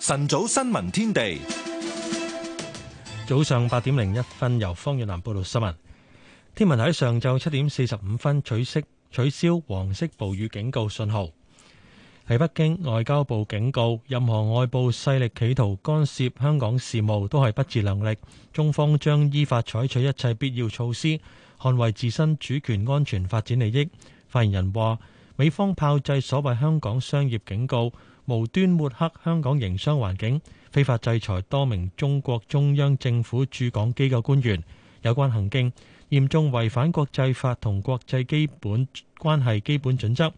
晨早新聞天地，早上八點零一分，由方遠南報道新聞。天文台上晝七點四十五分取消黃色暴雨警告信號。喺北京，外交部警告任何外部勢力企圖干涉香港事務都係不自量力，中方將依法採取一切必要措施捍衛自身主權、安全、發展利益。發言人話，美方炮製所謂香港商業警告。無端抹黑香港營商環境，非法制裁多名中國中央政府駐港機構官員，有關行徑嚴重違反國際法同國際基本關係基本準則，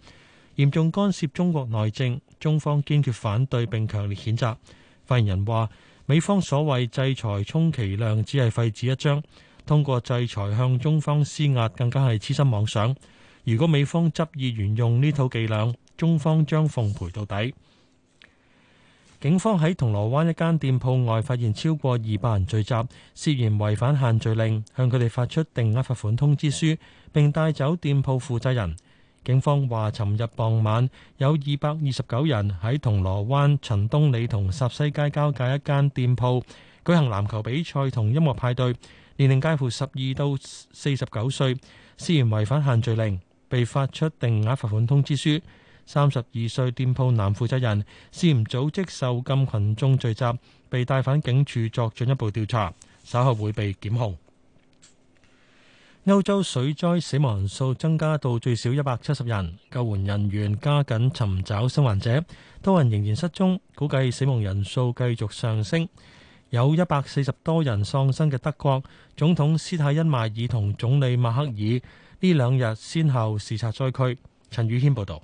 嚴重干涉中國內政。中方堅決反對並強烈譴責。發言人話：美方所謂制裁充其量只係廢紙一張，通過制裁向中方施壓更加係痴心妄想。如果美方執意沿用呢套伎倆，中方將奉陪到底。警方喺銅鑼灣一間店鋪外發現超過二百人聚集，涉嫌違反限聚令，向佢哋發出定額罰款通知書，並帶走店鋪負責人。警方話：尋日傍晚有二百二十九人喺銅鑼灣陳東里同霎西街交界一間店鋪舉行籃球比賽同音樂派對，年齡介乎十二到四十九歲，涉嫌違反限聚令，被發出定額罰款通知書。三十二歲店鋪男負責人涉嫌組織受禁群眾聚集，被帶返警署作進一步調查，稍後會被檢控。歐洲水災死亡人數增加到最少一百七十人，救援人員加緊尋找生還者，多人仍然失蹤，估計死亡人數繼續上升。有一百四十多人喪生嘅德國總統施泰因邁爾同總理默克爾呢兩日先後視察災區。陳宇謙報道。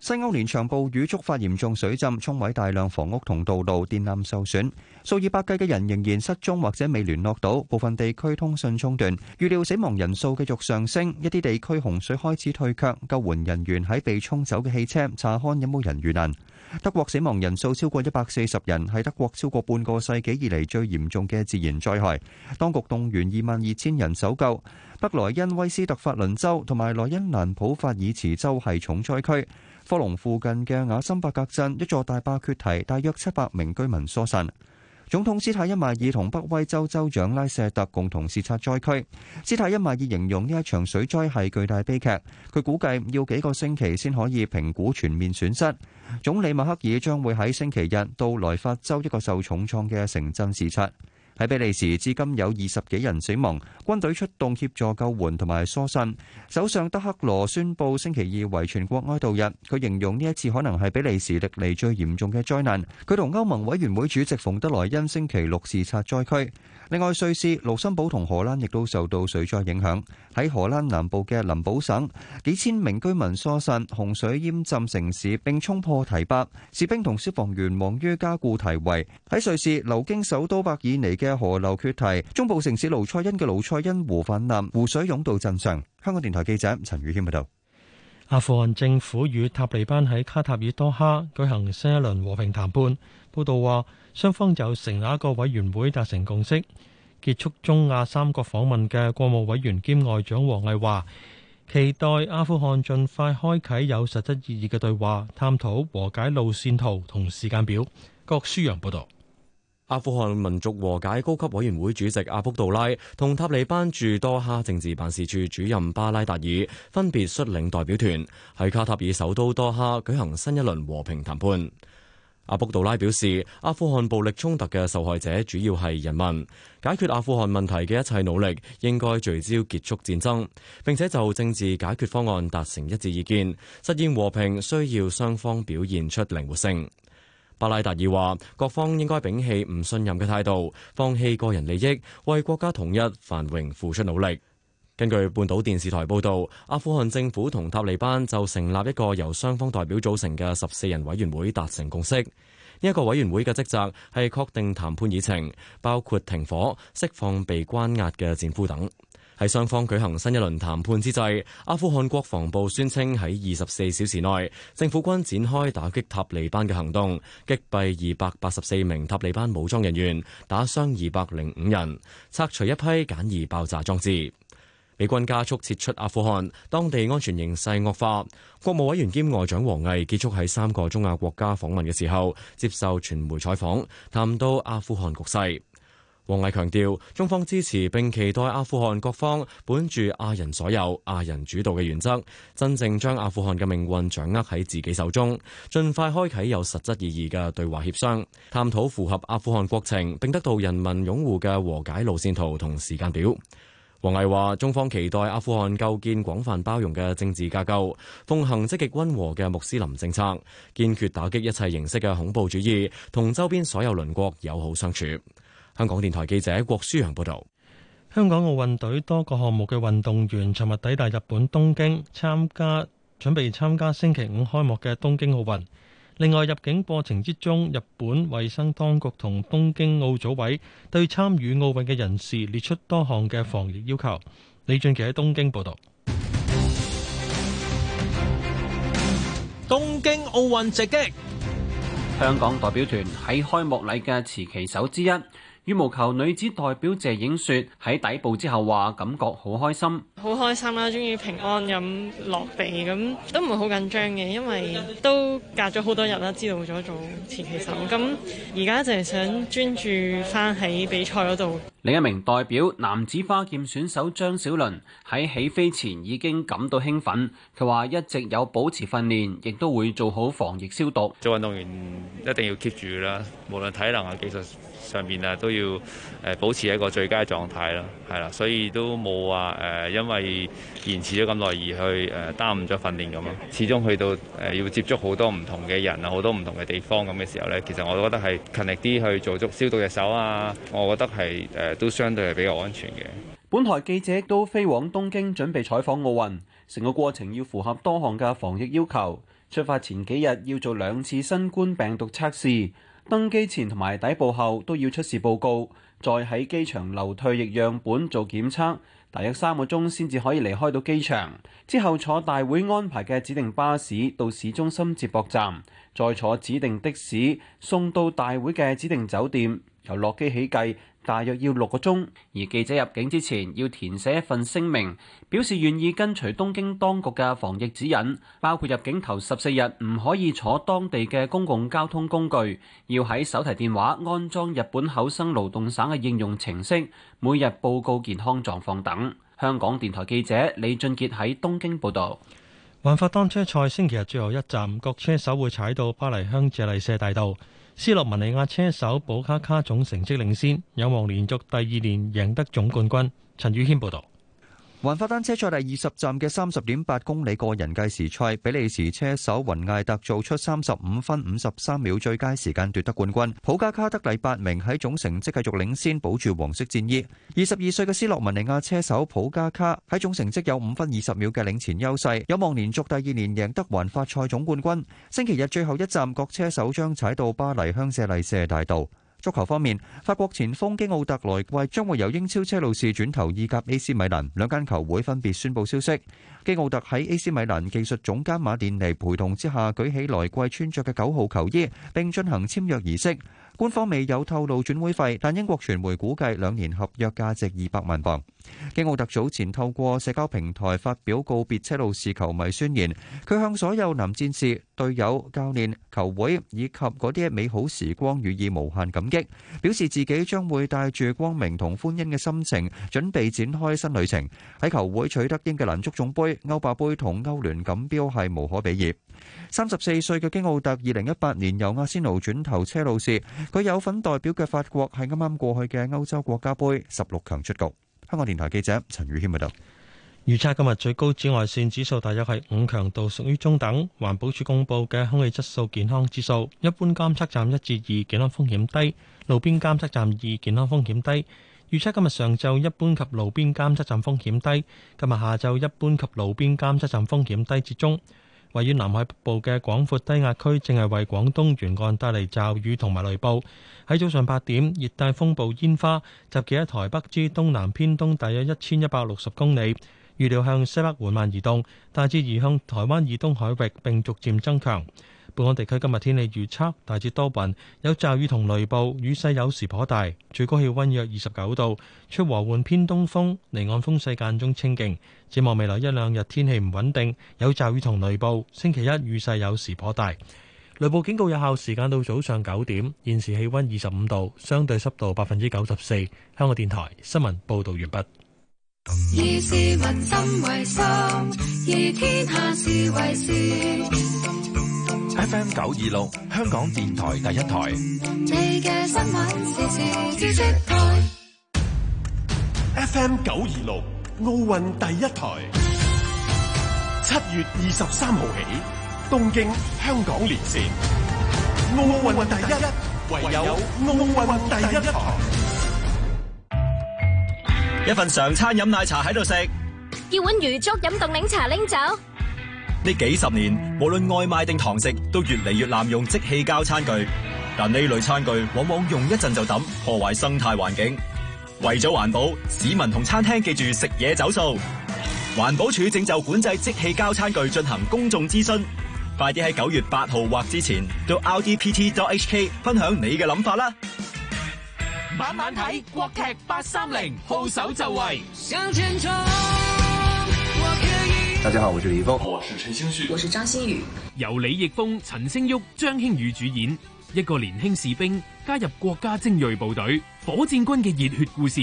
西歐連場暴雨，觸發嚴重水浸，沖毀大量房屋同道路，電纜受損。數以百計嘅人仍然失蹤或者未聯絡到，部分地區通訊中斷。預料死亡人數繼續上升，一啲地區洪水開始退卻，救援人員喺被沖走嘅汽車查看有冇人遇難。德國死亡人數超過一百四十人，係德國超過半個世紀以嚟最嚴重嘅自然災害。當局動員二萬二千人搜救。北萊茵威斯特法倫州同埋萊茵蘭普法爾茨州係重災區。科隆附近嘅瓦森伯格鎮一座大壩決堤，大約七百名居民疏散。總統斯泰因邁爾同北威州州長拉舍特共同視察災區。斯泰因邁爾形容呢一場水災係巨大悲劇，佢估計要幾個星期先可以評估全面損失。總理默克爾將會喺星期日到來法州一個受重創嘅城鎮視察。喺比利時，至今有二十幾人死亡，軍隊出動協助救援同埋疏散。首相德克羅宣布星期二為全國哀悼日。佢形容呢一次可能係比利時歷嚟最嚴重嘅災難。佢同歐盟委員會主席馮德萊恩星期六視察災區。另外，瑞士盧森堡同荷蘭亦都受到水災影響，喺荷蘭南部嘅林堡省，幾千名居民疏信，洪水淹浸城市並沖破堤壩，士兵同消防員忙於加固堤圍，喺瑞士，流經首都伯爾尼嘅河流缺堤，中部城市盧塞恩嘅盧塞恩湖氾濫，湖水湧到鎮上。香港電台記者陳宇謙報道。阿富汗政府與塔利班喺卡塔爾多哈舉行新一輪和平談判。報導話，雙方就成立一個委員會達成共識。結束中亞三國訪問嘅國務委員兼外長王毅話，期待阿富汗盡快開啟有實質意義嘅對話，探討和解路線圖同時間表。郭舒陽報導。阿富汗民族和解高級委員會主席阿卜杜拉同塔利班駐多哈政治辦事處主任巴拉達爾分別率領代表團，喺卡塔爾首都多哈舉行新一輪和平談判。阿卜杜拉表示，阿富汗暴力衝突嘅受害者主要係人民，解決阿富汗問題嘅一切努力應該聚焦結束戰爭，並且就政治解決方案達成一致意見。實現和平需要雙方表現出靈活性。巴拉達爾話：各方應該摒棄唔信任嘅態度，放棄個人利益，為國家統一繁榮付出努力。根據半島電視台報道，阿富汗政府同塔利班就成立一個由雙方代表組成嘅十四人委員會達成共識。呢一個委員會嘅職責係確定談判議程，包括停火、釋放被關押嘅戰俘等。喺雙方舉行新一輪談判之際，阿富汗國防部宣稱喺二十四小時內，政府軍展開打擊塔利班嘅行動，擊斃二百八十四名塔利班武裝人員，打傷二百零五人，拆除一批簡易爆炸裝置。美軍加速撤出阿富汗，當地安全形勢惡化。國務委員兼外長王毅結束喺三個中亞國家訪問嘅時候，接受傳媒採訪，談到阿富汗局勢。王毅強調，中方支持並期待阿富汗各方本住阿人所有、阿人主導嘅原則，真正將阿富汗嘅命運掌握喺自己手中，盡快開啟有實質意義嘅對話協商，探討符合阿富汗國情並得到人民擁護嘅和解路線圖同時間表。王毅話，中方期待阿富汗構建廣泛包容嘅政治架構，奉行積極溫和嘅穆斯林政策，堅決打擊一切形式嘅恐怖主義，同周邊所有鄰國友好相處。香港電台記者郭舒陽報道，香港奧運隊多個項目嘅運動員尋日抵達日本東京，參加準備參加星期五開幕嘅東京奧運。另外，入境過程之中，日本衛生當局同東京奧組委對參與奧運嘅人士列出多項嘅防疫要求。李俊奇喺東京報道。東京奧運直擊，香港代表團喺開幕禮嘅持旗手之一。羽毛球女子代表謝影雪喺抵埗之後話感覺好開心，好開心啦！終於平安咁落地咁，都唔會好緊張嘅，因為都隔咗好多日啦，知道咗做前期手，咁而家就係想專注翻喺比賽嗰度。另一名代表男子花劍選手張小倫喺起飛前已經感到興奮，佢話一直有保持訓練，亦都會做好防疫消毒。做運動員一定要 keep 住啦，無論體能啊技術上面啊都要。要誒保持一個最佳狀態啦，係啦，所以都冇話誒，因為延遲咗咁耐而去誒耽誤咗訓練咁咯。始終去到誒要接觸好多唔同嘅人啊，好多唔同嘅地方咁嘅時候咧,其實我都覺得係勤力啲去做足消毒嘅手啊，我覺得係誒都相對係比較安全嘅。本台記者都飛往東京準備採訪奧運，成個過程要符合多項嘅防疫要求，出發前幾日要做兩次新冠病毒測試。登機前同埋抵埗後都要出示報告，再喺機場留唾液樣本做檢測，大約三個鐘先至可以離開到機場。之後坐大會安排嘅指定巴士到市中心接駁站，再坐指定的士送到大會嘅指定酒店。由落機起計，大約要六個鐘，而記者入境之前要填寫一份聲明，表示願意跟隨東京當局嘅防疫指引，包括入境頭十四日唔可以坐當地嘅公共交通工具，要喺手提電話安裝日本厚生勞動省嘅應用程式，每日報告健康狀況等。香港電台記者李俊杰喺東京報道。環法單車賽星期日最後一站，各車手會踩到巴黎香榭麗舍大道。斯洛文尼亞車手保卡卡總成績領先，有望連續第二年贏得總冠軍。陳宇軒報道。環法單車賽第二十站嘅三十點八公里個人計時賽，比利時車手雲艾特做出三十五分五十三秒最佳時間，奪得冠軍。普加卡得第八名，喺總成績繼續領先，保住黃色戰衣。二十二歲嘅斯洛文尼亞車手普加卡喺總成績有五分二十秒嘅領前優勢，有望連續第二年贏得環法賽總冠軍。星期日最後一站，各車手將踩到巴黎香榭麗舍大道。足球方面，法國前鋒基奧特來季將會由英超車路士轉投意甲 AC 米蘭，兩間球會分別宣佈消息。基奧特喺 AC 米蘭技術總監馬甸尼陪同之下舉起來季穿著嘅九號球衣，並進行簽約儀式。官方未有透露轉會費，但英國傳媒估計兩年合約價值二百萬鎊。基奧特早前透過社交平台發表告別車路士球迷宣言，佢向所有男戰士、隊友、教練、球會以及嗰啲美好時光予以無限感激，表示自己將會帶住光明同歡欣嘅心情準備展開新旅程。喺球會取得英格蘭足總杯、歐霸杯同歐聯錦標係無可比擬。三十四歲嘅基奧特，二零一八年由阿仙奴轉投車路士。佢有份代表嘅法國係啱啱過去嘅歐洲國家杯十六強出局。香港電台記者陳宇謙報道。預測今日最高紫外線指數大約係五，強度屬於中等。環保署公布嘅空氣質素健康指數，一般監測站一至二，健康風險低；路邊監測站二，健康風險低。預測今日上晝一般及路邊監測站風險低，今日下晝一般及路邊監測站風險低至中。位於南海北部嘅廣闊低壓區，正係為廣東沿岸帶嚟驟雨同埋雷暴。喺早上八點，熱帶風暴煙花集結喺台北之東南偏東大約一千一百六十公里，預料向西北緩慢移動，大致移向台灣以東海域，並逐漸增強。本港地區今日天氣預測，大致多雲，有驟雨同雷暴，雨勢有時頗大，最高氣溫約二十九度，出和緩偏東風，離岸風勢間中清勁。展望未來一兩日天氣唔穩定，有驟雨同雷暴，星期一雨勢有時頗大，雷暴警告有效時間到早上九點。現時氣溫二十五度，相對濕度百分之九十四。香港電台新聞報道完畢。以 FM 九二六香港電台第一台。你嘅新聞時事知識台。FM 九二六奧運第一台。七月二十三號起，東京香港連線。奧運第一，唯有奧運第一台。一份常餐飲奶茶喺度食。叫碗魚粥飲凍檸茶拎走。呢幾十年，無論外賣定堂食，都越嚟越濫用即棄膠餐具。但呢類餐具往往用一陣就抌，破壞生態環境。為咗環保，市民同餐廳記住食嘢走數。環保署正就管制即棄膠餐具進行公眾諮詢，快啲喺九月八號或之前到 ldpt.hk 分享你嘅諗法啦！晚晚睇國劇八三零，號手就位，向前衝。大家好，我是李易峰，我是陳星旭，我是張馨予，由李易峰、陳星旭、張馨予主演一個年輕士兵加入國家精銳部隊火箭軍嘅熱血故事，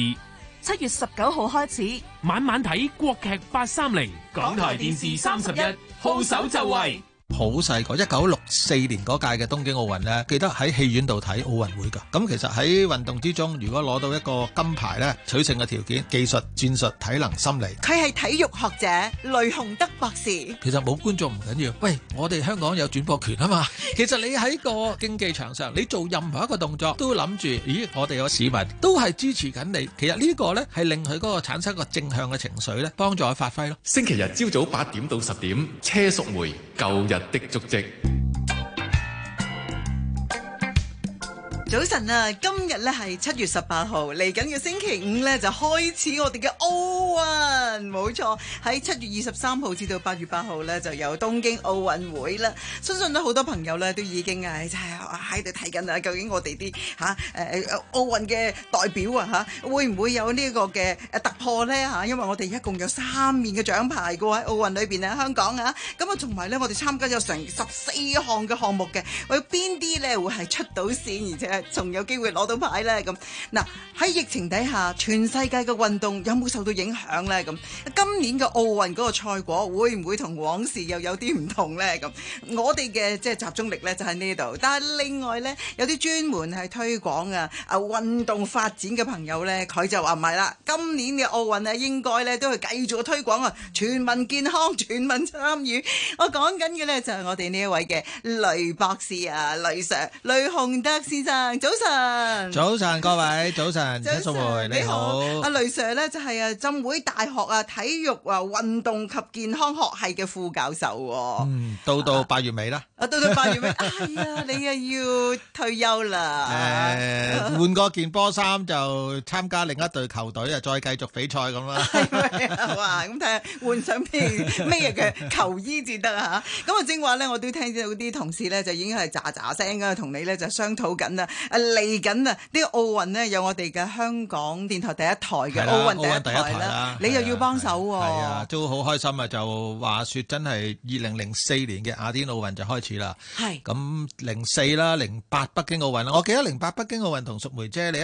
七月十九號開始，晚晚睇國劇八三零，港台電視三十一，號手就位。好細個，一九六四年嗰屆嘅東京奧運咧，記得喺戲院度睇奧運會噶。咁其實喺運動之中，如果攞到一個金牌咧，取勝嘅條件，技術、戰術、體能、心理。佢係體育學者雷洪德博士。其實冇觀眾唔緊要，喂，我哋香港有轉播權啊嘛。其實你喺個競技場上，你做任何一個動作，都諗住，咦，我哋有市民都係支持緊你。其實呢個咧係令佢嗰個產生一個正向嘅情緒咧，幫助佢發揮咯。星期日朝早八點到十點，車淑梅。舊日的足跡。早晨啊，今日咧係七月十八號，嚟緊嘅星期五咧就開始我哋嘅奧運，冇錯，喺七月二十三號至到八月八號咧就有東京奧運會啦。相信都好多朋友咧都已經係喺度睇緊啦，究竟我哋啲吓誒奧運嘅代表啊吓，會唔會有呢個嘅突破咧吓？因為我哋一共有三面嘅獎牌嘅喺奧運裏邊啊香港啊，咁啊同埋咧我哋參加咗成十四項嘅項目嘅，我有邊啲咧會係出到線，而且，仲有機會攞到牌呢？咁，嗱喺疫情底下，全世界嘅運動有冇受到影響呢？咁？今年嘅奧運嗰個賽果會唔會同往時又有啲唔同呢？咁？我哋嘅即係集中力呢就喺呢度，但係另外呢，有啲專門係推廣啊啊運動發展嘅朋友呢，佢就話唔係啦，今年嘅奧運啊應該呢都係繼續推廣啊，全民健康，全民參與。我講緊嘅呢，就係、是、我哋呢一位嘅雷博士啊，雷 Sir，雷洪德先生。早晨，早晨，早晨，各位早晨，早晨，淑梅晨你好，阿雷 Sir 咧就係啊浸會大學啊體育啊運動及健康學系嘅副教授。嗯，到到八月尾啦。啊，到到八月尾， 哎呀，你啊要退休啦。誒、呃，換過 件波衫就參加另一隊球隊 啊，再繼續比賽咁啦。係咪啊？哇，咁睇下換上咩咩嘅球衣至得啊？咁啊，正話咧，我都聽到啲同事咧就已經係喳喳聲咁同你咧就商討緊啦。嚟緊啦！啲奧運呢，這個、奧運有我哋嘅香港電台第一台嘅奧運第一台啦，你又要幫手喎。係啊，都好開心啊！就話說真係二零零四年嘅雅典奧運就開始啦。咁零四啦，零八北京奧運啦，Okay. 我記得零八北京奧運同淑梅姐你。